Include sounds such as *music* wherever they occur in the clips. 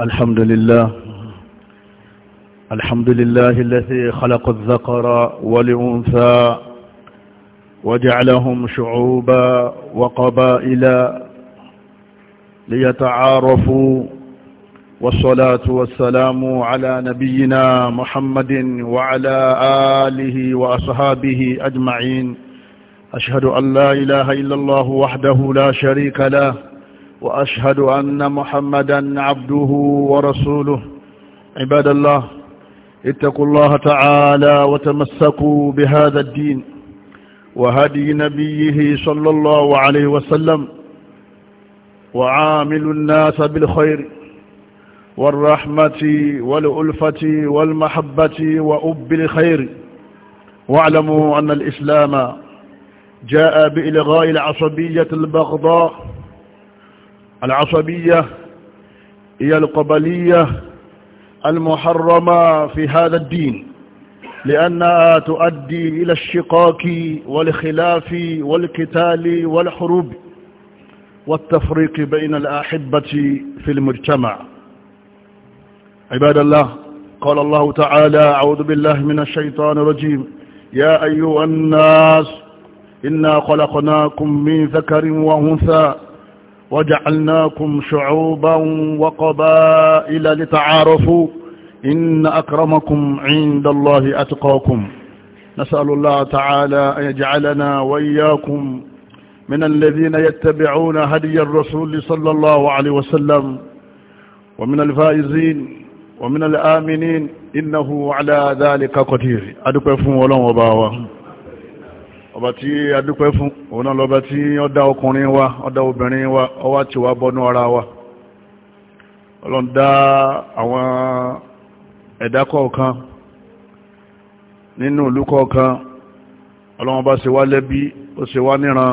الحمد لله الحمد لله الذي خلق الذكر والأنثى وجعلهم شعوبا وقبائل ليتعارفوا والصلاة والسلام على نبينا محمد وعلى آله وأصحابه أجمعين أشهد أن لا إله إلا الله وحده لا شريك له وأشهد أن محمدا عبده ورسوله عباد الله اتقوا الله تعالى وتمسكوا بهذا الدين وهدي نبيه صلى الله عليه وسلم وعاملوا الناس بالخير والرحمة والألفة والمحبة وأب الخير واعلموا أن الإسلام جاء بإلغاء العصبية البغضاء العصبية هي القبلية المحرمة في هذا الدين لأنها تؤدي إلى الشقاق والخلاف والقتال والحروب والتفريق بين الأحبة في المجتمع عباد الله قال الله تعالى أعوذ بالله من الشيطان الرجيم يا أيها الناس إنا خلقناكم من ذكر وأنثى وجعلناكم شعوبا وقبائل لتعارفوا إن أكرمكم عند الله أتقاكم نسأل الله تعالى أن يجعلنا وإياكم من الذين يتبعون هدي الرسول صلى الله عليه وسلم ومن الفائزين ومن الآمنين إنه على ذلك قدير أدوك فون ولن ọba tí adúpẹ́ fún òun náà lọ́ba tí ó dá ọkùnrin wa ó dá obìnrin wa ó wá tì wá bọ́nú ara wa ọlọ́run dá àwọn ẹ̀dá kọ̀ọ̀kan nínú ìlú kọ̀ọ̀kan ọlọ́run bá ṣe wá lẹ́bí ó ṣe wá níran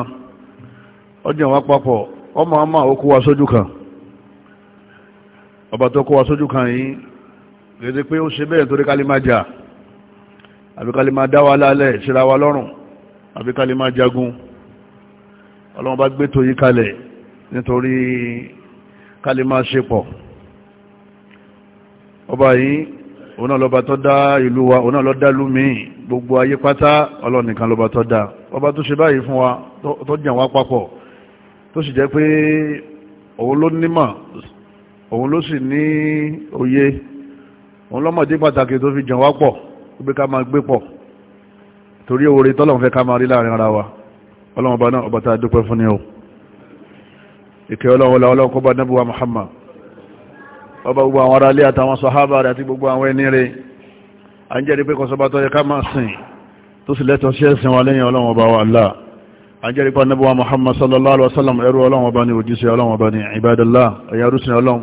ọjọ́ wa papọ̀ ọmọ ọmọ ó kó wa sójú kan ọba tó kó wa sójú kan yìí gẹ́gẹ́ pé ó ṣe bẹ́ẹ̀ torí kálí máa jà àbí máa dá wa lálẹ́ ìṣẹ́ra wa lọ́rùn àbí ká lè máa jagun ọlọ́run bá gbé toyí kalẹ̀ nítorí ká lè máa ṣe pọ̀ ọba yìí òun náà lọ́ba tó dá ìlú wa òun náà ló dá ìlú mi gbogbo ayé pátá ọlọ́run nìkan lọ́ba tó dá ọba tó ṣe báyìí fún wa tó jàn wá papọ̀ tó sì jẹ́ pé òun ló nímọ̀ òun ló sì ní òye òun lọ́mọdé pàtàkì tó fi jàn wá pọ̀ tó ká máa gbé pọ̀ torí oore tọ́lọ̀ fẹ́ ká máa rí láàrin ara wa ọlọ́wọ́n bá náà ọba tá a dúpẹ́ fún ni o ìkẹ́ ọlọ́wọ́ ọlọ́wọ́ kó bá nábùwá Muhammad ọba gbogbo àwọn ará ilé àtàwọn sọ̀hábà rẹ̀ àti gbogbo àwọn ẹni rẹ̀ à ń jẹ́rìí pé Allah à ń jẹ́rìí pé nábùwá Muhammad sallallahu alaihi wasallam ẹrú ọlọ́wọ́n ọba ni òjíṣẹ́ ọlọ́wọ́n ọba ni ibadallah ẹ̀yà rúṣin ọlọ́wọ́n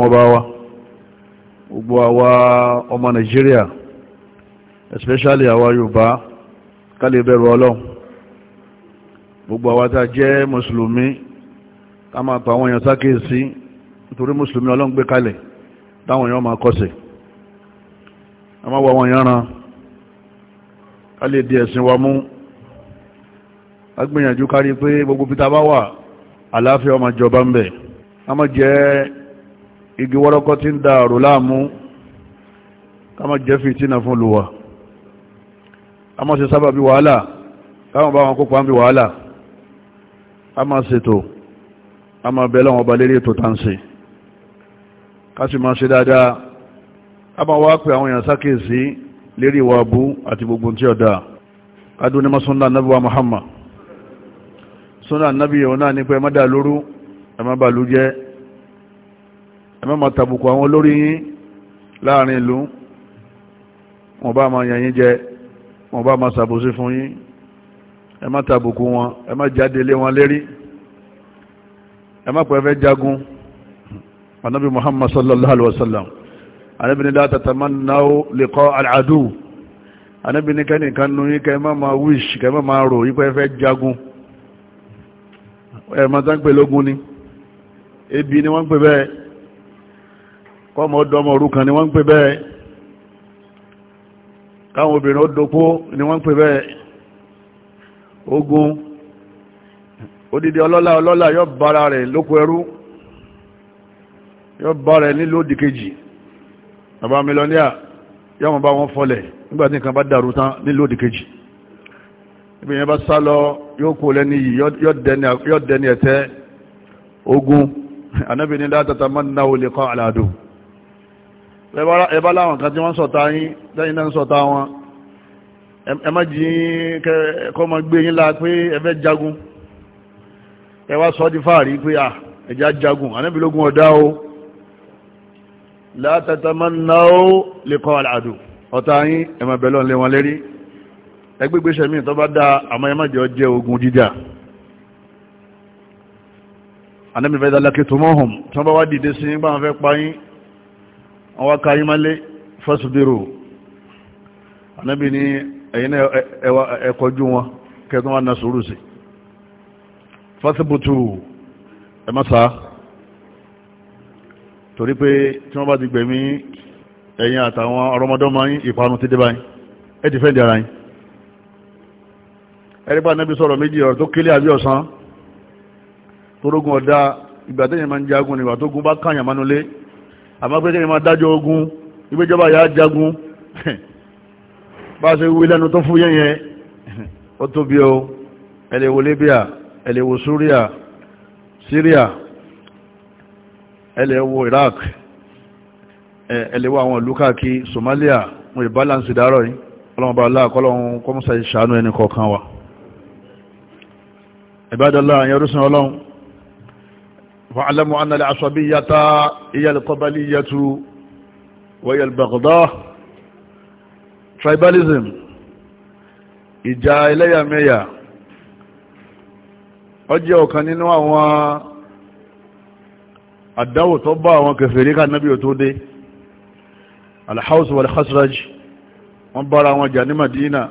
wa gbogbo àwa ọmọ Nàìjíríà especially àwa Yorùbá ká lè bẹ̀rù Ọlọ́run gbogbo àwa tá jẹ́ mùsùlùmí ká máa pa àwọn èèyàn sákèésí nítorí mùsùlùmí Ọlọ́run gbé kalẹ̀ táwọn èèyàn máa kọsẹ̀ a máa wọ àwọn èèyàn ran ká lè di ẹ̀sìn wa mú a gbìyànjú kárí pé gbogbo pítà bá wà àlàáfíà ọmọ ìjọba ń bẹ̀ a máa jẹ́ igi wọ́rọ́kọ́ tí ń da àrò láàmú ká máa jẹ́ fìtínà fún olùwà a máa ṣe sábà bí wàhálà káwọn bá wọn kópa ń bí wàhálà a máa ṣètò a máa bẹ̀lẹ̀ wọn bá lérí ètò tàǹsì ká sì máa ṣe dáadáa a máa wá pé àwọn èèyàn sákèsí lérí ìwà abú àti gbogbo tí ọ̀dá adó ní masúnlá náà Muhammad súnlá náàbí yẹ̀wò náà ní pé ẹmọ́dà lóru ẹmọ́bà ló jẹ́ ẹmọ́mà tàbùkù àwọn olórí yín láàrin ìlú wọn bá máa yẹ̀yìn jẹ́ wọn bá máa ṣàbòsí fún yín ẹ má tàbùkù wọn ẹ má jáde lé wọn lérí ẹ má pẹ́ fẹ́ jagun anabi muhammad sallallahu alaihi wasallam anabi ni la tatamannaw liqa al'adu anabi ni kẹ́ni kan nú yí kẹ́mọ́ ma wish kẹ́mọ́ ma rò yí pé fẹ́ jagun ẹ ma tán pè lógún ni ebi ni wọ́n pè bẹ́ẹ̀ kọ́mọ ọdọ́mọ òrukàn ni wọ́n pè bẹ́ẹ̀ káwọn obìnrin ó dopó ni wọ́n ń pè bẹ́ẹ̀ ogun odidi ọlọ́lá ọlọ́lá yóò bára rẹ̀ lóko ẹrú yóò bára rẹ̀ nílò òdìkejì bàbá mílọ́níà yóò mọ̀ bá wọn fọlẹ̀ nígbàtí nǹkan bá dàrú tán nílò òdìkejì ibi yẹn bá sá lọ yóò kó lẹ́ni yìí yóò dẹni ẹ̀tẹ́ ogun anábìnrin látàtà mọ́ náà ó lè kọ́ àlàdùn ẹbá láwọn kan tí wọ́n sọ̀tá yín lẹ́yìn náà sọ̀tá wọn ẹ jí kọ́ mọ́ gbé yín la pé ẹfẹ́ jagun ẹ wá sọ di fáàrí pé à ẹjá jagun ànábìlógún ọ̀dá o látàtàmánáwó lè kọ́ àdù ọ̀tá yín ẹ̀mọ̀ bẹ̀lọ́ lé wọn lérí ẹgbẹ́gbẹ́sẹ̀ mi tó bá dá àmọ́ ẹ má jẹ́ ọjẹ́ ogun jíjà ànábìfẹ́ dálákẹ́ tó mọ́hùn tí wọ́n bá wá dìde sí yín bá àwọn akáyímálé fásudérò anábì ní ẹ̀yìn ẹ̀kọjú wọn kẹtún wọn na sùúrù sí fásibútù ẹmọ́sá torí pé tí wọ́n bá ti gbẹ̀mí ẹ̀yìn àtàwọn ọ̀rọ̀mọdọ́mọ ìparun ti dé ẹ ti fẹ́ di ara yìí ẹ̀rípa anábì sọ̀rọ̀ méjì ọ̀rọ̀ tó kílé àbí ọ̀sán torógun ọ̀dá ìgbà tẹ́yìn máa ń jagun nígbà tó gun bá káyàn mánulé àmọ́ pé kéèyàn máa dájọ́ ogun ìgbéjọba yà á jagun *laughs* bá a ṣe wí lẹ́nu tó fún yẹn *laughs* ó tóbi o ẹ lè wo Libya ẹ lè wo Syria Syria ẹ lè Iraq ẹ àwọn ìlú Somalia mo lè balance ìdárọ̀ yìí ọlọ́mọba aláàkọ́lọ́hun kọ́mọ́sà ìṣàánú ẹni kọ̀ọ̀kan wa ìbádọ́lá àyẹrúsìn فاعلموا أن العصبية هي القبلية وهي البغضاء tribalism ìjà ẹlẹ́yàmẹ̀yà ó jẹ́ ọ̀kan nínú àwọn àdáwò tó bá àwọn kèfèrí ká nábí ò tó dé alhaus wal khasraj wọ́n bára wọn jà ní Madina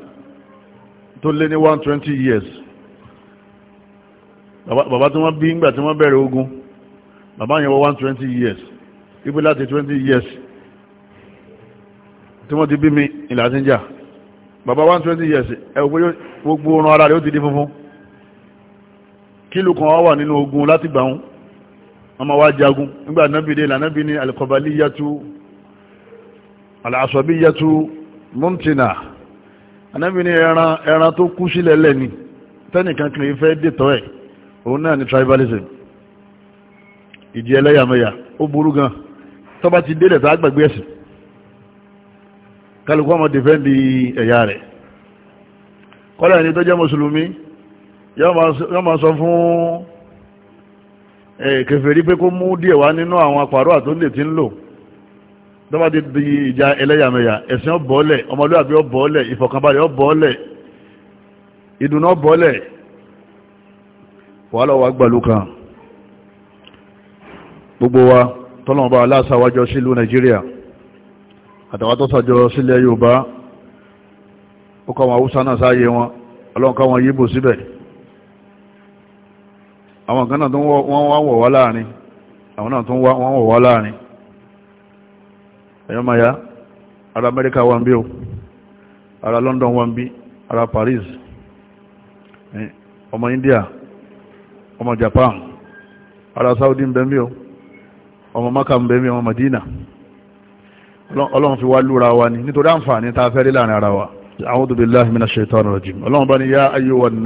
tó lé ní 120 years bàbá tí wọ́n bí ń gbà tí wọ́n bẹ̀rẹ̀ ogun bàbá yẹn wọ twenty years ibi láti twenty years tí wọ́n ti bí mi ìlà tí ń jà bàbá twenty years ẹ̀wọ̀n gbogbo orun ara rẹ̀ ó ti di funfun kílù kan wà nínú ogun láti gbà wọn ọmọ wa jagun nígbà nábi dé lànàbí ní alìkọbalí yàtú alàṣọ́bí yàtú múntina anábi ní ẹran tó kú sílẹ̀ lẹ́ni tẹ́nìkan kìí fẹ́ dètọ́ ẹ̀ òun náà ni tribalism ìdí ẹlẹ́yàmẹ̀yà ó burú gan tó bá ti délẹ̀ tá gbàgbé ẹ̀sìn kálukú ọmọ dìfẹ́ndì ẹ̀yà rẹ̀ kọ́lá ẹni tó jẹ́ mùsùlùmí yọ́ ma sọ fún kèfèrí pé kó mú díẹ̀ wá nínú àwọn apàrọ̀ àtúndè tí ń lò tó bá ti di ìjà ẹlẹ́yàmẹ̀yà ẹ̀sìn ọ̀bọ̀ọ́lẹ̀ ọmọlúwàbí ọ̀bọ̀ọ́lẹ̀ ìfọ̀kànbalẹ̀ ọ̀bọ̀ọ́lẹ̀ ìdùnnà ọ̀bọ̀ọ́lẹ̀ wàhálà wà gbàlú kan gbogbo wa tọ́lọ̀mọba ala sílú Nàìjíríà àtàwátọ́sàjọ sílẹ̀ Yorùbá ó kọ́ wọn Haúsá náà sáyé wọn ọlọ́nkà wọn Yíbò síbẹ̀ àwọn kan náà tó wọ́n wá wá láàrin àwọn náà tó wọ́n wọ̀ wá láàrin ara Amẹ́ríkà wà bí o ara London wà bí ara Paris ọmọ India ọmọ Japan ara Saudi o ọmọ maka ń bẹ mi ọmọ madina ọlọ́run fi wá lúra wa ni nítorí àǹfààní ta fẹ́ rí láàrin ara wa a'udhu billahi minash shaitani rajim ọlọ́run bá ní yá ayyuhan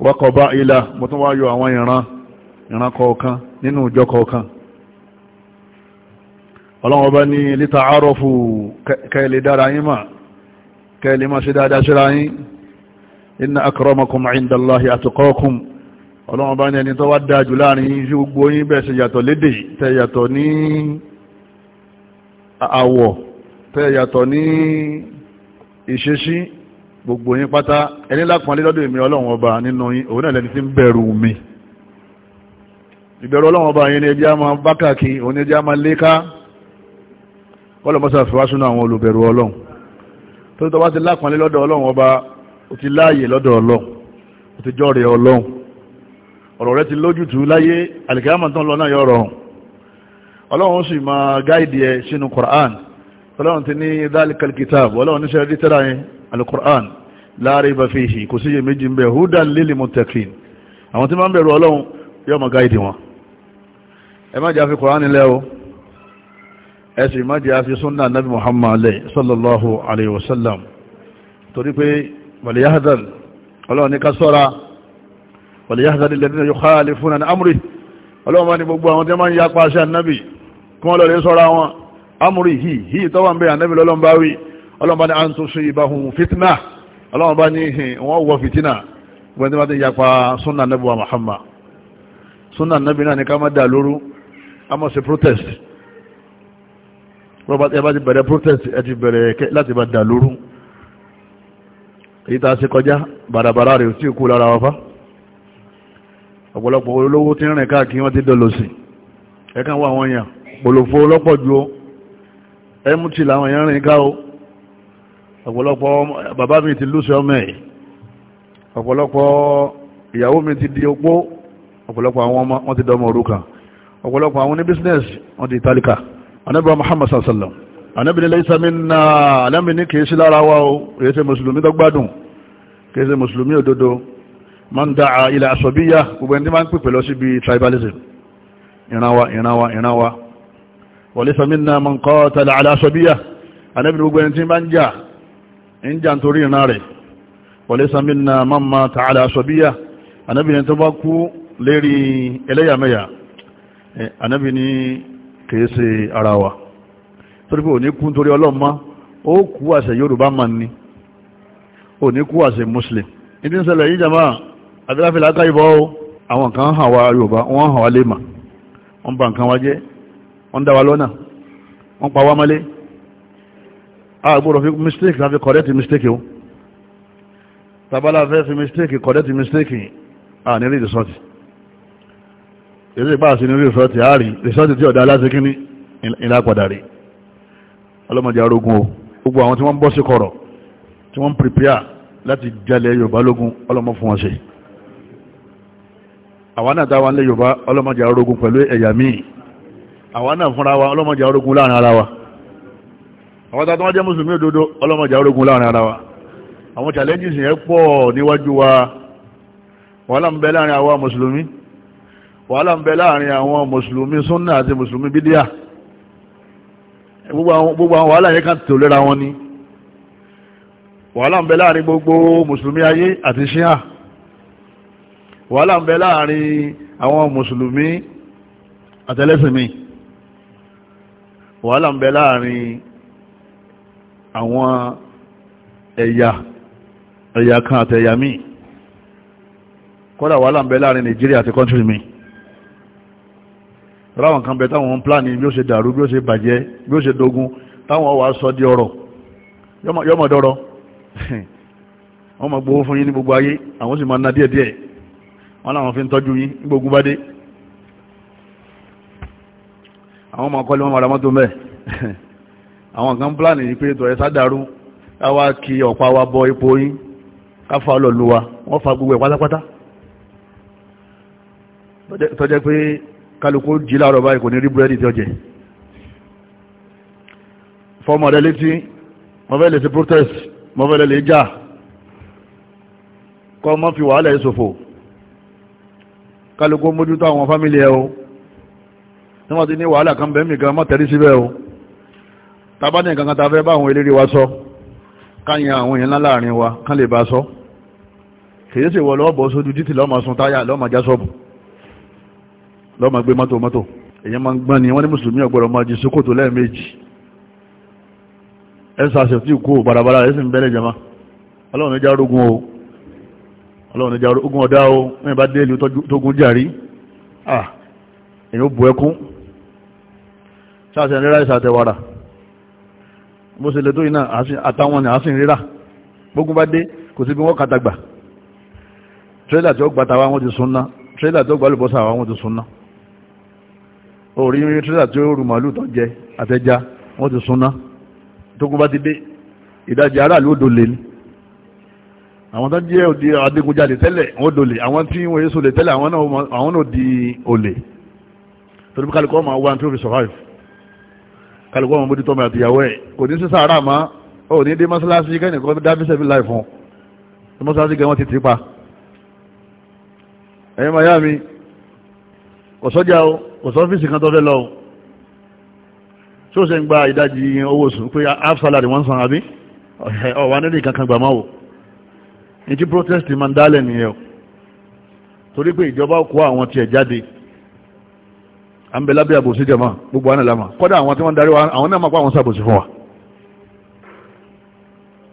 wọ́kọ̀ọ́bá ilá mo tún wá yọ àwọn ìran ìran kọ̀ọ̀kan nínú ìjọ kọ̀ọ̀kan ọlọ́wọ́ bá ní lítà àárọ̀fù kẹ́lẹ̀ dára yín mà kẹ́lẹ̀ máa ṣe dáadáa síra yín inna akramakum gbogbo yín pátá ẹni lápọn lélọ́dọ̀ èmi ọlọ́run ọba nínú yín òun náà lẹni tí ń bẹ̀rù mi ìbẹ̀rù ọlọ́run ọba yẹn ni ẹjẹ́ a máa bá káàkiri òun ni ẹjẹ́ a máa léka kọ́lọ̀mọ́sá fi wá súnú àwọn olùbẹ̀rù ọlọ́run tó tọ́ bá ti lápọn lélọ́dọ̀ ọlọ́run ọba ó ti láàyè lọ́dọ̀ ọlọ́run ó ti jọ́rẹ̀ ọlọ́run ọ̀rọ̀ rẹ ti lójútùú láyé àlìkàmà tán lọ náà yọ ọ̀rọ̀ ọlọ́run sì Qur'an ọlọ́run ti ní dáàlì kàlìkìtà ọlọ́run níṣẹ́ rí tẹ́ra alukur'an la rayba fihi kò sí iyèméjì ń bẹ hudan lil muttaqin àwọn tí máa ń bẹ̀rù ọlọ́run yóò mọ̀ gáìdì wọn ẹ má jẹ́ àfi kùránì lẹ́ o ẹ sì má jẹ́ àfi súnnà nabi muhammad lẹ́ sallallahu alayhi wa sallam torí pé wàlíyáhádàn ọlọ́run ní ká sọ́ra wàlíyáhádàn alladhina yukhalifuna ní amúrì ọlọ́run bá ní gbogbo ọlọ́mọba ní àǹtúnṣe ìbáhùn fitna ọlọ́mọba ní wọ́n wọ fitina wọ́n tí wọ́n ti yapa sunna nabi wa Muhammad sunna nabi náà ní ká má dà lóru a mọ̀ sí protest robert ẹ bá ti bẹ̀rẹ̀ protest ẹ ti bẹ̀rẹ̀ láti bá dà lóru èyí tá a kọjá bàràbàrà rẹ̀ tí kú lára wa fa ọ̀pọ̀lọpọ̀ olówó tí rìn káàkiri wọ́n ti dọ̀lọ̀ sí ẹ̀kan wà wọ́n yàn pòlòfò ọlọ́pọ̀ ju ó làwọn yàn rìn ká ọ̀pọ̀lọpọ̀ bàbá mi ti lúṣẹ́ ọmọ ẹ̀ ọ̀pọ̀lọpọ̀ ìyàwó mi ti di opó ọ̀pọ̀lọpọ̀ àwọn ọmọ wọn ti dọmọ òrukàn ọ̀pọ̀lọpọ̀ àwọn ní business wọn ti tálíkà anábìrì Muhammad sallam anábìrì lẹ́sà mi na anábì ní kìí sí lára wa o èyí ṣe mùsùlùmí dọ́gbádùn kìí ṣe mùsùlùmí òdodo máa ń da ilẹ̀ àsọ̀bíyà gbogbo tribalism ìrànwá ìrànwá ìrànwá wọlé sàmínà mọ̀ǹkọ́ tẹ̀lé àlẹ́ àsọ̀bíyà anábìrì gbogbo ẹni tí máa ń jà ń jà nítorí ìran rẹ̀ wọlé samina mamma ta'ala aṣọ́bíyà anábì ni tó bá kú lérí ẹlẹ́yàmẹ́yà anábì ni kìí ṣe ara wa torí pé òní kú nítorí ọlọ́mọ ó kú àṣẹ yorùbá ma ní òní kú àṣẹ muslim ìdí ń ṣẹlẹ̀ yìí jama adíláfẹ́lá ká ìbọ́ àwọn kan hàn wá yorùbá wọ́n hàn wá lè mà wọ́n bà nǹkan wá jẹ́ wọ́n dá wa lọ́nà wọ́n pa wá mọ́lé àgbòrò fi mistake láti correct mistake o tàbálà fẹ́ fi mistake correct mistake à ní rí resort ilé ìpá sí ní resort à rí resort tí ọ̀dá aláṣẹ kíní ilá padà rí ọlọ́mọdé arógún o gbogbo àwọn tí wọ́n bọ́ sí kọ̀rọ̀ tí wọ́n prepare láti jalè yorùbá lógún ọlọ́mọ fún wọn ṣe àwọn náà táwọn lé yorùbá ọlọ́mọdé arógún pẹ̀lú ẹ̀yà míì àwọn náà fúnra wa ọlọ́mọdé arógún láàrin ara wa àwọn tàbí wọ́n jẹ́ mùsùlùmí òdodo ọlọ́mọjà orógun láàrin ara wa àwọn challenges yẹn pọ̀ níwájú wa wàhálà ń bẹ láàrin àwọn mùsùlùmí wàhálà ń bẹ láàrin àwọn mùsùlùmí súnnà àti mùsùlùmí bídíà gbogbo àwọn wàhálà yẹn kan tò lẹ́ra wọn ni wàhálà ń bẹ láàrin gbogbo mùsùlùmí ayé àti ṣíà wàhálà ń bẹ láàrin àwọn mùsùlùmí àtẹlẹ́sìn wàhálà ń bẹ láàrin àwọn ẹ̀yà ẹ̀yà kan àtẹ̀yà míì kọ́dà wà ń láàrin nigeria àti kọ́ntírì mi ráwọn kan bẹ táwọn pláàni bí ó ṣe dàrú bí ó ṣe bàjẹ́ bí ó ṣe dogun táwọn wà sọ di ọrọ̀ yọmọdọ́rọ̀ *laughs* fún yín ní gbogbo ayé àwọn sì fi ń yín *laughs* àwọn kan pláàni ní pé tọ̀rẹ sádàrú káwá kí ọ̀pá wa bọ epo yí káfà ọlọ́lúwa wọ́n fa gbogbo ẹ̀ pátápátá tọ́jẹ́ pé kálukú jí láàrọ̀ báyìí kò ní rí búrẹ́dì tí ó jẹ fọ́mọ̀ létí mọ́fẹ́lẹ̀ sí protest mọ́fẹ́lẹ̀ lè já kọ́ mọ́ fi wàhálẹ̀ ìsòfò kálukú mójútó àwọn fámílì ẹ̀ o níwọ̀n ti ní wàhálà kan bẹ́ẹ̀ mìkan mọ́ tẹ̀rí síbẹ̀ o tàbá ní nǹkan kan tàbẹ́ bá àwọn eléré wa sọ káyàn àwọn èèyàn láàrin wa kán lè bá sọ kìí sì wọ lọ́ọ̀bọ̀ sójú títì lọ́mọ sun táyà lọ́mọ já sọ́ọ̀bù lọ́mọ gbé mọ́tò mọ́tò èyàn máa ń gbọ́n ni wọ́n ní mùsùlùmí ọ̀gbọ̀rọ̀ máa jí sókòtò lẹ́ẹ̀mejì ẹ̀sà ṣe tí kú bàràbàrà rẹ̀ jama ọlọ́run já rógun o ọlọ́run já rógun ọ̀dá o mẹ́rin bá ah èyàn ó bu ẹkún sáà ṣe ìsàtẹ̀wàrà bó ṣe lè tó iná àtàwọn ni àásìn rírà gbógun bá dé kò sí bí wọ́n kàtàgbà tírélà tí ó gba tàwa wọn ti súnná tírélà tí ó gba lùbọ́sà wọn ti súnná orí tírélà tí ó rù màálù tó jẹ àtẹjá wọn ti súnná tógun bá ti dé ìdajì aráàlú ó dolè ni àwọn tó jẹ́ òdi adigunjalè tẹ́lẹ̀ wọ́n dolè àwọn tí wọ́n yé sólè tẹ́lẹ̀ àwọn náà di olè torí bí kálukọ́ máa wá ní tó fi survive kálukọ́ ọmọ bójútó ọmọ àtìyàwó ẹ̀ kò ní sísá ara mọ́ ọ ní dé mọ́sálásí kẹ́nìkan dá bíṣẹ́ fi láì fún un mọ́sálásí gan wọ́n ti tì pa ẹ̀yin máa yá mi kò sọ́jà o kò sọ́fíìsì kan tó fẹ́ lọ o tí ó ṣe ń gba ìdajì owó oṣù pé half salary wọ́n san àbí ọ̀wà nínú ìkankan gbàmọ́ o ní tí protest máa ń dálẹ̀ nìyẹn o torí pé ìjọba kó àwọn tiẹ̀ jáde à ń bẹ lábẹ́ àbòsí jẹ̀mọ́ gbogbo àná lámà kọ́dà àwọn tí wọ́n darí wa àwọn náà máa pa àwọn sàbòsí fún wa.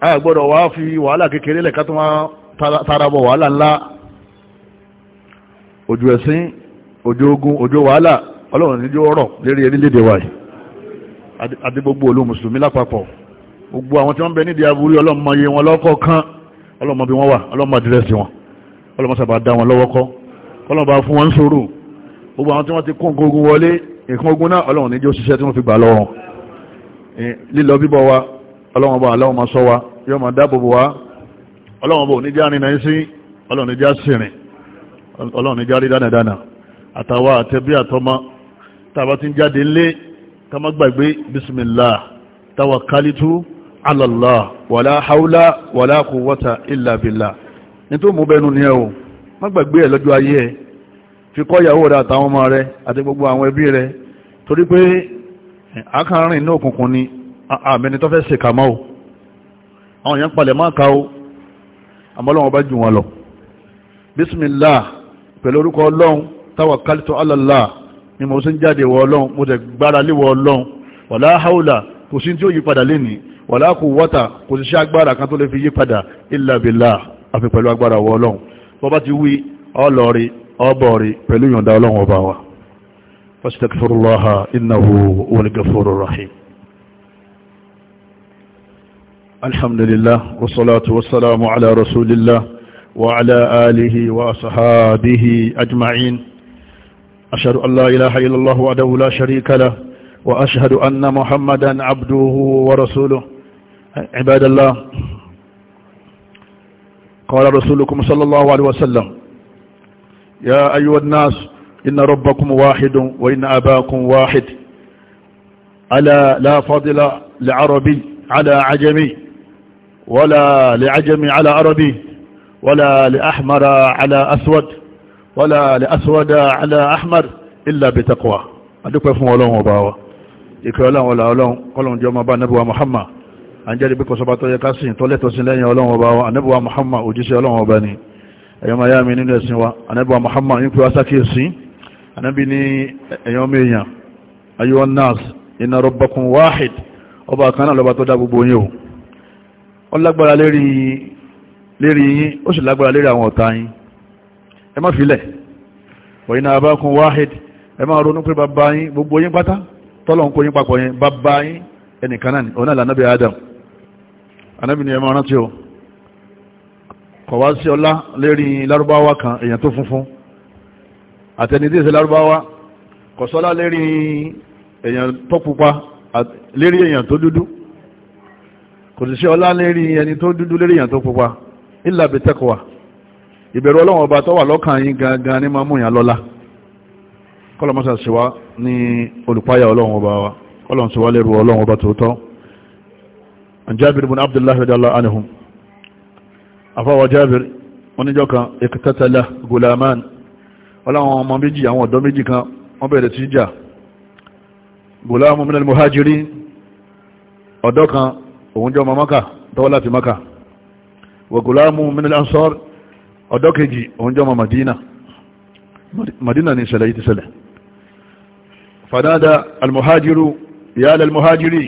a gbọ́dọ̀ wá fi wàhálà kékeré lẹ̀ ká tó máa tara bọ̀ wàhálà ńlá ojú ẹ̀sìn ojú ogun ojú wàhálà ọlọ́run níjó ọ̀rọ̀ lérí erílẹ̀-èdè wa yìí àti gbogbo olú mùsùlùmí lápapọ̀ gbogbo àwọn gbogbo àwọn tí wọ́n ti kó nǹkan ogun wọlé nǹkan ogun náà ọlọ́run níjẹ́ òṣìṣẹ́ tí wọ́n fi gbà lọ́wọ́ lílọ bíbọ̀ wa ọlọ́run ọba aláwọ̀ máa sọ wa yóò máa dáàbò bò wa ọlọ́run ọba oníjà rìn náà sí ọlọ́run níjà sìnrìn ọlọ́run níjà rí dánadáná àtàwa àtẹbí àtọmọ tàbá ti fi kọ́ ìyàwó rẹ̀ àtàwọn ọmọ rẹ̀ àti gbogbo àwọn ẹbí rẹ̀ torí pé eh, akàrin ní òkùnkùn ni àmẹni tó fẹ́ ṣe kàmá o àwọn èèyàn palẹ̀ máa ka o àmọ́lọ́wọ́n bá jù wọn lọ bísmìlá pẹ̀lú orúkọ ọlọ́run tawakkaltu ala Allah ni mo sin jáde wọ ọlọ́run mo tẹ̀ gbára lé wọ ọlọ́run wala illa billah àfi pẹ̀lú agbára wọ ọlọ́run bọ́ ọbọ̀ rí pẹ̀lú yọ̀ǹda ọlọ́run ọba wa fastagfirullaha innahu wal ghafurur rahim alhamdulillah wasalatu wasalamu ala rasulillah wa ala alihi wa sahabihi ajma'in ashhadu an la ilaha illallah wahdahu la sharika lah wa ashhadu anna muhammadan abduhu wa rasuluhu ibadallah qala rasulukum sallallahu alaihi wasallam يا أيها الناس إن ربكم واحد وإن أباكم واحد ألا لا فضل لعربي على عجمي ولا لعجمي على عربي ولا لأحمر على أسود ولا لأسود على أحمر إلا بتقوى أدوك فهم ولهم وباوة ìkẹ́ ọlọ́run ọlá ọlọ́run kọlọ̀n jọ ma bá nẹ́bùwa Muhammad àjẹ́rìí bí يكاسين tó yẹ ká sìn tó lẹ́tọ̀ sí lẹ́yìn ọlọ́run ọba ẹ̀yọ́ máa yá mi nínú ẹ̀sìn wa anábíwa Muhammad ní pé wá sákèsí anábí ní ẹ̀yọ́ mẹ́yàn ayọ́ nas iná rọ́bọ̀kún wáhid ọba kan náà lọ́ba tó dá gbogbo yín o ó lágbára lérí yín ó sì lágbára lérí àwọn ọ̀tá yín ẹ má filẹ̀ wọ́n iná abákun wáhid Adam anábí ni kọ̀ wá sí ọlá lérí lárúbáwá kan èèyàn tó funfun àtẹnidí ìṣe lárúbáwá kọ̀ sọ́lá lérí èèyàn tó pupa lérí èèyàn tó dúdú kò sì sí ọlá lérí ẹni tó dúdú lérí èèyàn tó pupa ìlà bí tẹ́kọ̀wà ìbẹ̀rù ọlọ́wọ̀n ọba tó wà lọ́kàn yín gangan ní máa mú yàn lọ́lá kọ́lọ̀mọ́sà sí wá ní olùpáyà ọlọ́wọ̀n ọba wa kọ́lọ̀ afọwọ́ jábìrì oníjọ́ kan ìkẹtẹ́tẹ́lá gulaman ọláwọn ọmọ méjì àwọn ọ̀dọ́ méjì kan wọ́n bẹ̀rẹ̀ sí jà gulamu minal muhajirin ọ̀dọ́ kan òun jọ mamaka tọ́wọ́ láti maka wa gulamu minal ansar ọ̀dọ́ kejì òun jọ madina madina ni ìṣẹ̀lẹ̀ yìí ti ṣẹlẹ̀ fanada almuhajiru ìyá alẹ́ almuhajiri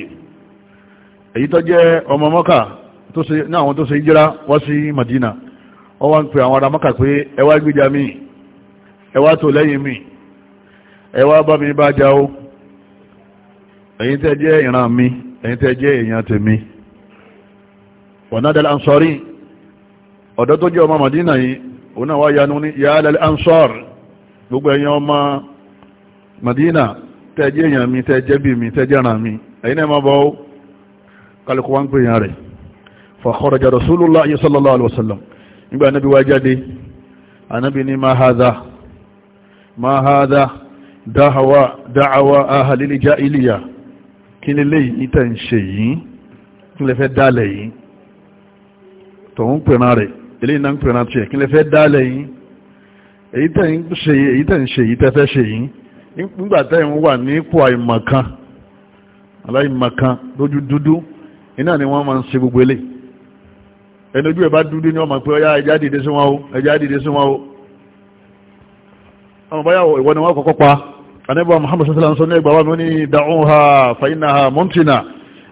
èyí tó jẹ́ ọmọ maka tó ṣe ní àwọn tó ṣe hijira wá sí Madina wọ́n wá ń pè àwọn ará Maka pé ẹ wá gbéjà mi ẹ wá tó lẹ́yìn mi ẹ wá bá mi bá já o ẹ̀yin tẹ́ jẹ́ ìran mi ẹ̀yin tẹ́ jẹ́ èèyàn tèmi ọ̀nàdàlẹ̀ ansọ́rí ọ̀dọ́ tó jẹ́ ọmọ Madina yìí òun náà wá yanu ní Madina tẹ́ jẹ́ mi tẹ́ jẹ́ bí mi mi ẹ̀yin náà máa bọ́ kálukú wá ń pè yàn rẹ̀ fàkọ́rọ̀jà rasulullah sallallahu alaihi wasallam nígbà anábi wá jáde anábi ní ma haza ma haza dáhawa dáhawa ahalili jahiliya kí ni lè yí tẹ̀ ń ṣe yìí kí lè fẹ́ dálẹ̀ yìí tọ̀hún pẹ̀rán rẹ̀ ilé iná ń pẹ̀rán tiẹ̀ kí lè fẹ́ dálẹ̀ yìí èyí tẹ̀ ṣe yìí èyí ṣe yìí ẹni ojú ẹ̀ bá dúdú ní ọmọ pé ọyá ẹja dìde sí wọn o ẹja dìde sí wọn o ọmọ báyà ìwọ ni wọn kọ́kọ́ pa anábíwá Muhammad sallallahu alaihi wasallam ní ẹgbàá wọn ní da'uha fa innaha muntina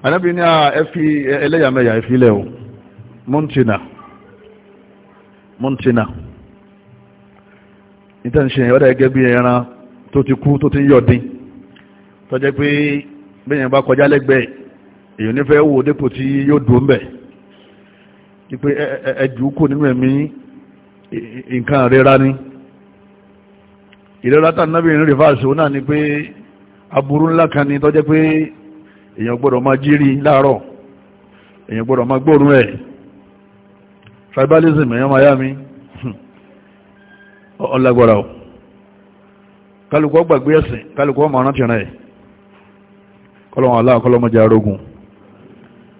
anábí ní ah, ẹfi ẹlẹ́yàmẹ̀yà ìfilẹ̀ o montina montina. nítorí ṣe ọ̀dà gẹ́gẹ́ bí ẹran tó ti kú tó ti ń yọ̀ dín tọ́jẹ́ pé bẹ́yẹn bá kọjá lẹ́gbẹ̀ẹ́ èèyàn nífẹ̀ẹ́ wò dépò tí yóò dùn bẹ́ẹ̀ pé ẹ̀jù kò nínú ẹ̀mí nǹkan ìrẹ́ra ni ìrẹ́ra tàn náà bí ìrìn rìfáàsì ó náà ni pé aburú ńlá kan ni tọ́jẹ́ pé èèyàn gbọ́dọ̀ máa jírí láàárọ̀ èèyàn gbọ́dọ̀ máa gbóòrùn ẹ̀ tribalism èèyàn máa yá mi ọlágbọ́ra ọ̀ kálukọ́ gbàgbé ẹ̀sìn kálukọ́ máa rántí rẹ̀ kọ́lọ́wọ́n aláàkọ́lọ́mọjà arógun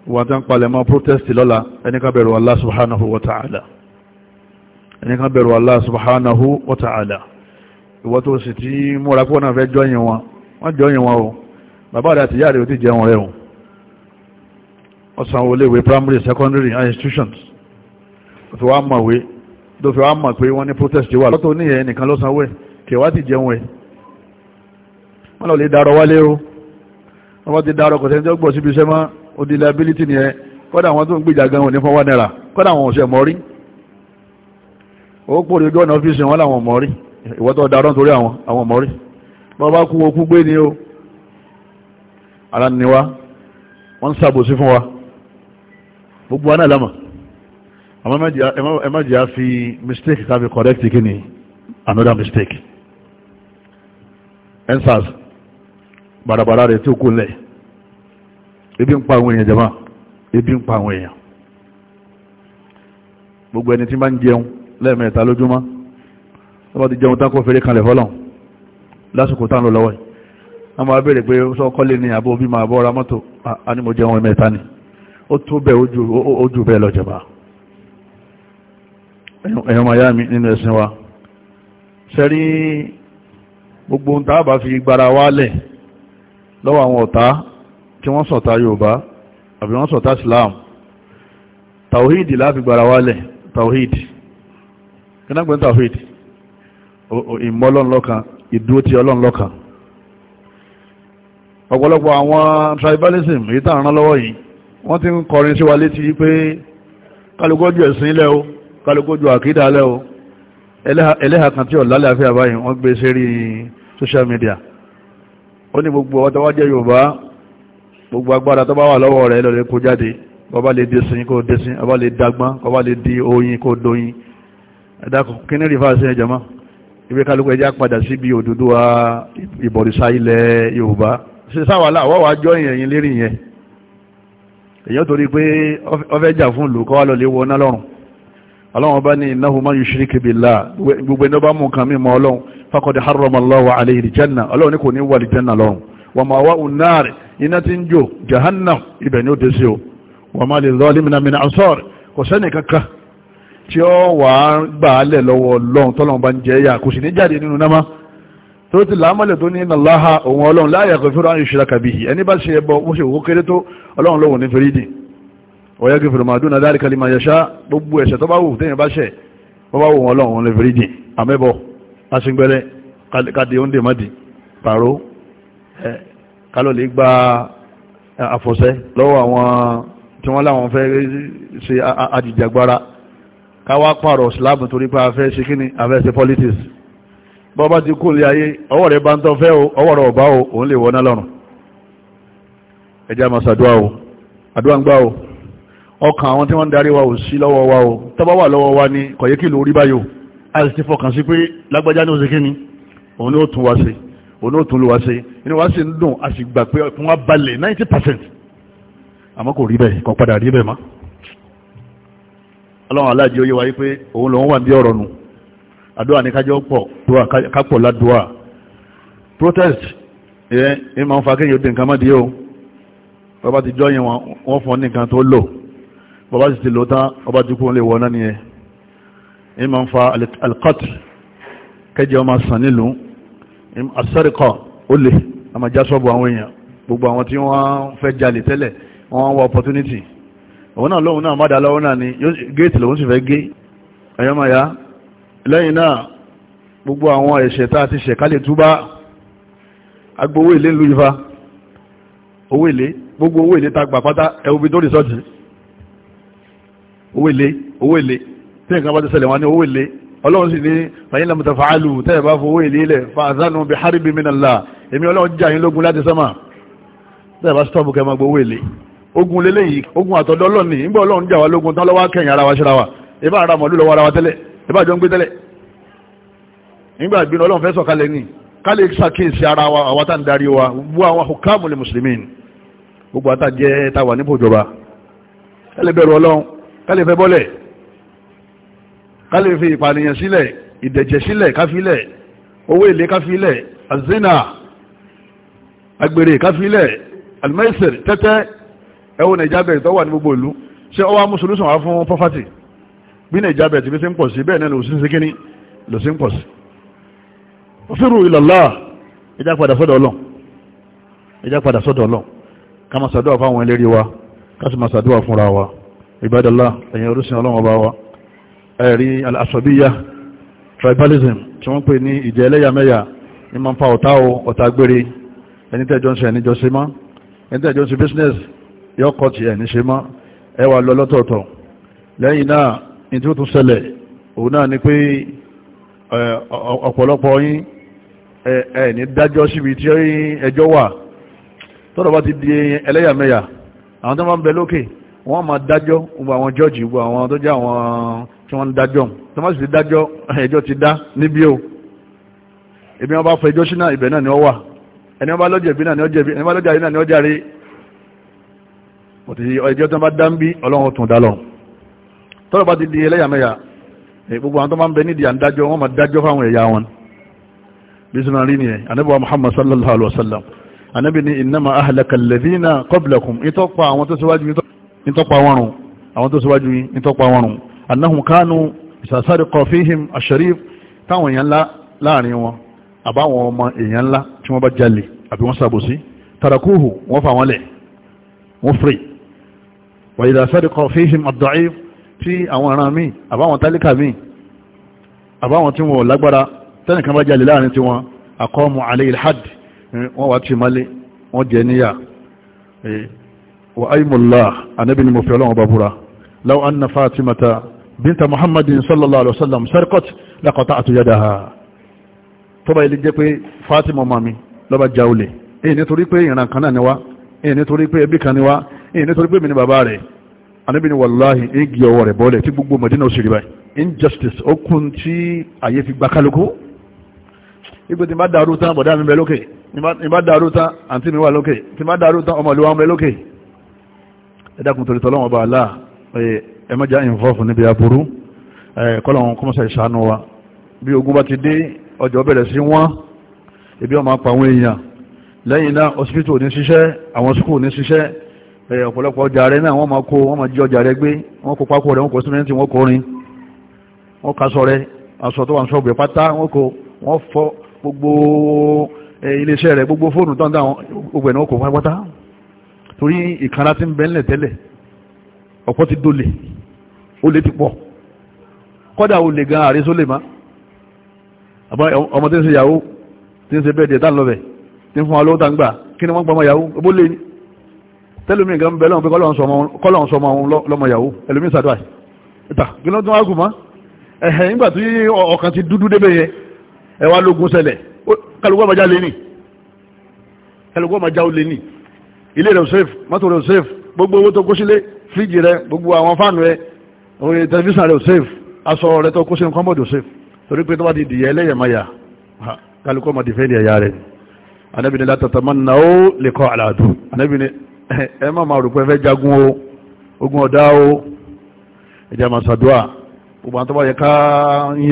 wọ́n tán palẹ̀ mọ́ protesti lọ́la ẹnìkan bẹ̀rù Allah subhanahu wa ta'ala ẹnìkan Allah subhanahu wa ta'ala ìwọ́ tó sì tí múra pọ́ fẹ́ jọyìn wọn wọ́n jọyìn wọn o bàbá rẹ̀ àti ìyá rẹ̀ ti jẹun rẹ̀ ọ̀sán olè primary secondary and institutions tó wá mọ̀ wé tó fi wá mọ̀ pé wọ́n ní protest wà lọ́tọ̀ ní ẹ̀ nìkan lọ́sànwẹ̀ ti jẹun ẹ̀ wọ́n lọ lè darọ wálé o wọ́n ti darọ ó di liability ni ẹ kọ́dà àwọn tó ń gbèjà gan òní fún wá náírà kọ́dà àwọn òṣè mọ́rí ó pòrè ojú ọ̀nà ọ́fíìsì wọn làwọn mọ́rí ìwọ́ tó darọ́ nítorí àwọn mọ́rí bọ́ bá kú okú gbé ni o ara ni wa wọ́n ń sàbòsí fún wa gbogbo wa náà lámà àmọ́ ẹ fi mistake tàbí correct kí ni another mistake answers bàràbàrà rẹ̀ tí ó kú lẹ̀ ebi ń pa àwọn èèyàn jama ebi ń pa àwọn èèyàn gbogbo ẹni tí bá ń jẹun lẹ́ẹ̀mẹ́ta lójúmọ́ tó bá ti jẹun tán kó fèrè kanlẹ̀ fọ́lọ̀ lásìkò tán lọ lọ́wọ́ yìí wọ́n máa bèèrè pé sọ kọ́lé ní àbó bí máa bọ́ra mọ́tò anímọ̀ jẹun ẹ̀mẹ́ta ni ó tó bẹ̀ ojú bẹ́ẹ̀ lọ́jọba ẹ̀yọ́ ma yá mi nínú ẹ̀sìn wa ṣẹ́rí gbogbo ń tàbà fi gbara wálẹ̀ lọ́wọ́ àwọn ọ̀tá tí wọ́n sọ̀tá Yorùbá àbí wọ́n sọ̀tá Islam tàwíìdì láti gbára wálẹ̀ tàwíìdì kínágbẹ̀ tàwíìdì ìmọ̀ ọlọ́nlọ́kan ìdúró ti ọlọ́nlọ́kan ọ̀pọ̀lọpọ̀ àwọn tribalism èyí tàn rán lọ́wọ́ yìí wọ́n ti ń kọrin sí wa létí pé kálukójú ẹ̀sìn ilẹ̀ o kálukójú àkídà alẹ́ o tí ọ̀lálẹ́ wọ́n gbé e sérí social media ó ní gbogbo gbogbo agbára tó bá wà lọ́wọ́ rẹ̀ lọ́lẹ́ kó jáde bọ́bá lè dẹ̀sìn kó dẹ̀sìn ọba lè dagbọ́n ọba lè di oyin kó doyin ẹ̀dàkùn kí ní rí fáṣẹ ẹjọ́mọ́ ibi kálukú ẹjá padà síbi Odùduwà ìbọ̀rìṣà ilẹ̀ Yorùbá ṣe sáwàlá wọ́n wá jọ èèyàn lérí yẹn èèyàn torí pé ọfẹ́ jà fún ìlú kọ́ ọlọ́run ní kò ní wà al-janna wà máa wá unnáàrì iná tí ń jò jahannam ibẹ̀ ni ó dé sí o wà máa lè zọ́ọ́lì mìíràn mìíràn ansọ́ọ̀rì kò sẹ́ni kankan tí ó wà á gbà lọ́wọ́ ọlọ́run tọ́lọ́run bá ń jẹ́ yà kò sì ní jáde nínú náà tó ti làámọ̀lẹ̀ tó ní iná láha ọlọ́run láàyè àkọsíwò àwọn ìṣúra kàbí ẹni bá ṣe ẹbọ ó ṣe òkú kéré tó ọlọ́run lọ́wọ́ ní fèrèdì ọ̀yá gẹ̀fẹ̀rẹ̀ máa dúnà dárí kalima yẹ̀ṣá gbogbo ẹ̀ṣẹ̀ tó bá wù téèyàn bá ṣẹ̀ bó bá wù ọlọ́run lè fèrèdì àmẹ́bọ̀ aṣígbẹ́rẹ́ kàdé ó ń pàró kálọ̀ lè gba eh, àfọ̀ṣẹ́ lọ́wọ́ àwọn tí wọ́n láwọn fẹ́ ṣe àjìjàgbara káwá pààrọ̀ Islam torí pé a fẹ́ ṣe kíni a fẹ́ ṣe politics baba bá ti kú lé ayé ọwọ́ rẹ̀ bá ń tọ́ fẹ́ o ọwọ́ rẹ̀ ọ̀bá o òun lè wọ́ná lọ́rùn ẹjá máa ṣàdúrà o àdúrà ń gbà o ọkàn àwọn tí wọ́n ń darí wa ò sí lọ́wọ́ wa o tọ́bá wà lọ́wọ́ wa ni kọ̀yẹ́kì lórí báyò a fọkàn sí pé lágbájá ní ó ṣe òun ni ó tún wa ṣe òun ó tún ló wá sí inú wá sí ń dùn a sì gbà pé fún wa balẹ̀ ninety percent àmọ́ kò rí bẹ́ẹ̀ kò padà rí bẹ́ẹ̀ mọ́ ọlọ́run aláàjì ó yẹ wáyé pé òun lòun wà bí ọ̀rọ̀ nù àdúrà ní kájọ́ pọ̀ dúà kápọ̀ ládùúà protest ẹ ẹ máa ń fa kéèyàn dín nǹkan má díẹ̀ o bàbá ti jọ yẹn wọn fọ nìkan tó lò bàbá sì ti lò tán bàbá ti kú lè wọ náà nìyẹn ẹ máa ń fa alikọ́tì kẹjẹ ọmọ sàn nílùú asẹ́ríkọ̀ ó lè a máa já sọ́ọ̀bù àwọn èèyàn gbogbo àwọn tí wọ́n fẹ́ jalè tẹ́lẹ̀ wọ́n wá opportunity òun náà lóun náà mádà lọ́wọ́ náà ni gate lòun sì fẹ́ gé ẹ̀yọ́mọ̀yá lẹ́yìn náà gbogbo àwọn ẹ̀ṣẹ̀ tá a ti ṣẹ̀ ká lè túbá agbowó ilé ńlú ifá owó ilé gbogbo owó ilé ta gbà pátá ẹ̀wọ̀bi tó rìsọ́ọ̀tì owó ilé owó ilé tí nǹkan bá ti ṣẹlẹ̀ wọn ní owó ilé ọlọ́run sì ní fàyín lamta fàálù tẹ́ẹ̀ bá fowó ìlélẹ̀ fàázánù bí haribi minallah èmi ọlọ́run jà yín lógun láti sánmà tẹ́ẹ̀ bá stọ́ọ̀bù kẹ́ máa gbowó èlé ogun lélẹ̀ yìí ogun àtọ̀dọ̀ ọlọ́ni nígbà ọlọ́run jà wá lógun tán lọ́wọ́ kẹyìn ara wa ṣe ra wa ibà ara mọ̀lú lọ́wọ́ ara wa tẹ́lẹ̀ ibà jọ ń gbé tẹ́lẹ̀ nígbà ìgbìnà ọlọ́run fẹ́ sọ̀kalẹ̀ ní bọ́lẹ̀ ká lè fi ìpànìyàn sílẹ̀ ìdẹ̀jẹ̀ sílẹ̀ káfílẹ̀ owó èlé káfílẹ̀ azina agbèrè káfílẹ̀ almaisir tẹ́tẹ́ ẹwọ nàìjábẹ̀ tó wà ní gbogbo ìlú ṣé ọwá mùsùlùmí sàn wá fún pọ́fàtì bí nàìjábẹ̀ ti fi sí ń pọ̀ sí bẹ́ẹ̀ náà lòsí sí kíní lòsí ń pọ̀ sí ọ̀fíìrù ilallah ẹjá padà sọ́dọ̀ ọlọ́ ẹjá padà sọ́dọ̀ ọlọ́ ká máa ṣàdúrà fáwọn ẹlẹ́rí wa ká sì máa ṣàdúrà fúnra wa ìbádọ́lá ẹ̀yìn orísun ọlọ́run ọba wa ẹ̀rí alasọ̀bíyà tribalism tí wọ́n pè ní ìjẹ́ ẹlẹ́yàmẹ́yà ní ma ń fa ọ̀tá o ọ̀tá gbére ẹni tẹ́jọ́ business yọ ti ni pé ọ̀pọ̀lọpọ̀ yín ẹ̀ ní dájọ́ síbi tí ẹjọ́ wà tọ́rọ̀ bá ti di ẹlẹ́yàmẹ́yà àwọn tó máa ń bẹ lókè wọ́n máa dájọ́ gbogbo àwọn jọ́ọ̀jì gbogbo àwọn tó jẹ́ àwọn tí wọ́n ń dájọ́ tó má sì ti dájọ́ *laughs* ẹjọ́ ti dá níbí o ibi wọn bá fọ ẹjọ́ sínú ibẹ̀ náà ni ó wà ẹni wọn bá lọ́jọ́ ìbí náà ni ó jẹ̀bi ẹni wọn bá lọ́jọ́ àyè náà ni ó jàre òtí ẹjọ́ tó bá dá ń bí ọlọ́run tún dá lọ tọ́lọ̀ bá ti di ẹlẹ́yàmẹ̀yà eh, gbogbo àwọn tó máa ń bẹ nídìí àndájọ́ wọn máa dájọ́ fáwọn ẹ̀yà wọn bí sinmi rí nìyẹn anábọ̀ Muhammad sallallahu alayhi wa sallam anábì ni innama ahlaka alladhina qablakum ìtọ́pa àwọn tó síwájú yín ìtọ́pa wọn rùn àwọn tó síwájú yín ìtọ́pa wọn rùn annahum kanu ìsàsárìkọ fíhìm àṣẹríf táwọn èèyàn ńlá láàrin wọn àbáwọn ọmọ èèyàn ńlá tí wọ́n bá jalè àbí wọ́n sàbòsí tàràkúhù wọ́n fà wọ́n lẹ̀ wọ́n fèrè wà ìsàsárìkọ fíhìm ad-da'if tí àwọn aràn míì àbáwọn tálíkà míì àbáwọn tí wọ́n lágbára tẹ́nìkan bá jalè láàrin tiwọn àkọ́mù alẹ́ ìlhad wọ́n wá ti malé wọ́n jẹ níyà wà áyìmọ̀lá anábìnrin mọ̀fẹ́ ọlọ́wọ́n bàbúra láwọn anna fatimata bínta muhammadin sallallahu alaihi wasallam sarqat laqata'tu yadaha tó bá ilé jẹ́ pé fatima mami lọ́ba jaulẹ̀ èyí nítorí pé ìran kan náà niwá èyí nítorí pé ẹbí kan niwá èyí nítorí pé mi ni bàbá rẹ̀ anábì ni wàláhì ń gé ọwọ́ rẹ̀ bọ́ọ̀lẹ̀ tí gbogbo mọ̀dínà òsì rí báyìí injustice ó kún tí àyè fi gba kálukú ipò tí n bá dàrú tán bọ̀dá mi bẹ lókè tí n dàrú tán àǹtí mi wà lókè tí n dàrú tán ọmọ ìlú lókè ẹ dákun torí tọ́lọ́wọ́n ọba àlá ẹ má já involve níbi aburú kọ́lọ̀wọ́n kọ́mọ́sà ìṣàánú wa bí ogun bá ti dé ọjọ́ bẹ̀rẹ̀ sí wọ́n ibi ọmọ apá àwọn èèyàn lẹ́yìn náà hospital ní ṣiṣẹ́ àwọn school ní ṣiṣẹ́ ọ̀pọ̀lọpọ̀ ọjà rẹ náà wọ́n máa kó wọ́n máa jí ọjà rẹ gbé wọ́n kó pákó rẹ wọ́n kó símẹ́ntì wọ́n kọrin wọ́n kaṣọ rẹ aṣọ tó wà ní ṣọ́ọ̀bù rẹ pátá wọ́n kó wọ́n fọ gbogbo iléeṣẹ́ rẹ gbogbo fóònù tán dáwọn gbogbo ẹ̀ náà kó pátá torí ìkanra ti ń bẹ́ńlẹ̀ tẹ́lẹ̀ ọ̀pọ̀ ti dólè ó lè ti pọ̀ kọ́dà ó lè gan àrí sólè má ọmọ tí ń ṣe yàwó tí ń ṣe bẹ́ẹ̀ dẹ̀ta lọ́bẹ̀ tí ń fún wa lówó tá ń gbà kí ni wọ́n gbọmọ yàwó ó bó lè ní tẹ́lómi nǹkan bẹ́ẹ̀ lọ́wọ́ pé kọ́lọ̀ ń sọmọ lọ́mọ yàwó ẹlòmí sàdúrà ìta kí já lé ní ilé rẹ̀ safe mọ́tò rẹ̀ safe gbogbo owó tó kó sílé fíríjì rẹ̀ gbogbo àwọn fáànù rẹ̀ oye tẹlifíṣàn rẹ̀ ò safe aṣọ rẹ̀ tó kó sínú kọ́mọ̀dù safe torí pé tó bá di dìyẹ ẹlẹ́yẹmáyà kálukọ́ ma dìfẹ́ ní ẹ̀yà rẹ̀ Ànábì ní látàtàmà náà ó lè kọ́ àlàdù Ànábì ní ẹ má ma rò pé fẹ́ jagun o ogun ọ̀dá o ẹ̀jẹ̀ máa ṣàdúrà gbogbo àwọn tó bá yẹ ká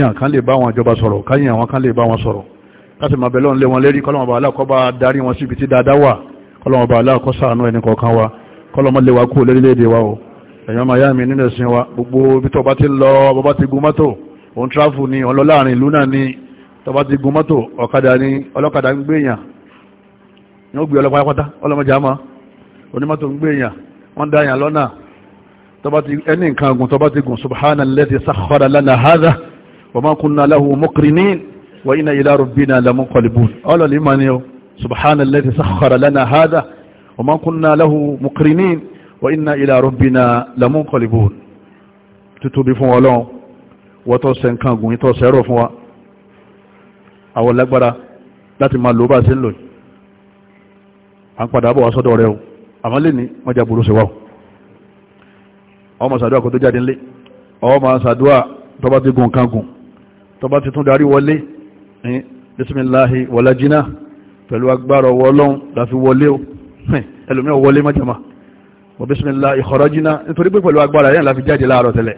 yàn kán lè bá wọn àjọba sọ̀rọ̀ ká yàn wọn kán lè bá wọn sọ̀rọ̀ káṣí máa bẹ̀ lọ́nlé aláàkọ́ bá darí wọn kọ̀ọ̀kan wa kọ́lọ́mọ lè wa kú lórílẹ̀-èdè wa o ẹ̀yàn máa yá mi nínú ẹ̀sìn wa gbogbo bí tọba ti lọ bọba ti gun mọ́tò òun tráfù ni ọlọ láàrin ìlú náà ni tọba ti gun mọ́tò ọ̀kadà ni ọlọ́kadà ń gbèyàn ni ó gbé ọlọ́pàá pátá ọlọ́mọdé àmọ́ onímọ́tò ń gbèyàn wọ́n dá yàn lọ́nà tọba ti ẹni nǹkan wa inna ila rabbina lamunqalibun tutubi fún ọlọ́run wọ́tọ́ sẹ nǹkan gùn ìtọ́ sẹ́rọ̀ fún wa àwọn lágbára láti máa lò bá sí ń lò à ń padà bọ̀ wá sọ́dọ̀ rẹ̀ o àmọ́ lè ní wọ́n jà burú sí wa ọmọ sàdúrà kò tó jáde ńlé ọmọ sàdúrà tọba ti májàmá wa bismillah ikhrajna nítorí pé pẹ̀lú agbára yẹn láfi jáde láàárọ̀ tẹ́lẹ̀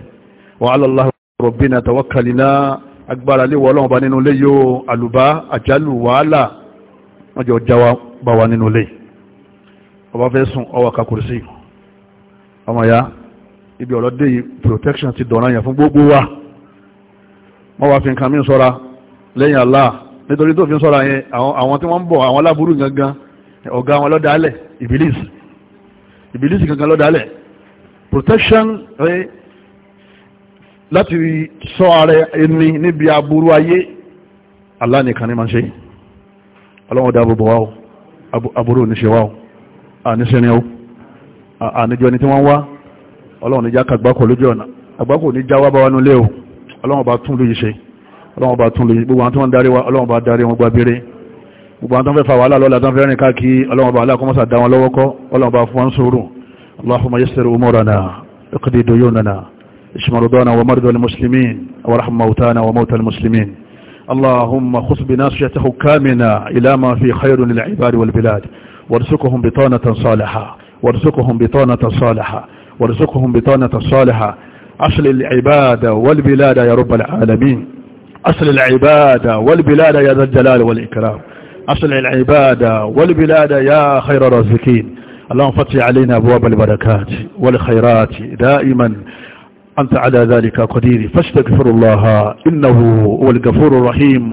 wa ala Allah rabbina tawakkalna agbára léwọ ọlọ́run bá nínú ilé yóò àlùbá àjálù wàhálà wọ́n jọ jáwá bá wa nínú ilé ọba fẹ́ sùn ọwà kàkùrùsí ọmọ ya ibi ọ̀rọ̀ dé protection ti dọ̀nà yẹn fún gbogbo wa wọ́n wá fi nǹkan mí sọ́ra lẹ́yìn Allah nítorí tó fi sọ́ra yẹn ìbílísì kankan ló dálẹ̀ protection rẹ láti sọ ara ẹni níbi aburú ayé Allah nìkan ni máa ṣe ọlọ́run dáàbò bọ̀ wá o aburú oníṣẹ́ wá o àníṣẹ́ni o àníjọ ẹni tí wọ́n wá ọlọ́run níjà kàgbákò lójú ọ̀nà àgbákò níjà wá bá wá nulẹ̀ o bá tún lóyìí ṣe ọlọ́run bá tún lóyìí gbogbo àwọn tí wọ́n darí wa ọlọ́run bá darí wọn gbàgbére gbogbo àwọn tó ń fẹ́ fa wàhálà lọ́la tó ń fẹ́ rìn káàkiri ọlọ́wọ́n bá aláàkọ́mọ́sà dá wọn lọ́wọ́ kọ́ ọlọ́wọ́n bá fún sùúrù اللهم يسر أمورنا اقضي ديوننا اشف مرضانا ومرضى المسلمين وارحم موتانا وموتى المسلمين اللهم خص بناصية حكامنا إلى ما في خير للعباد والبلاد وارزقهم بطانة صالحة وارزقهم بطانة صالحة وارزقهم بطانة صالحة أصل العباد والبلاد يا رب العالمين أصل العباد والبلاد يا ذا الجلال والإكرام أصل العبادة والبلاد يا خير الرازقين اللهم فتح علينا أبواب البركات والخيرات دائما أنت على ذلك قدير فاستغفر الله إنه هو الغفور الرحيم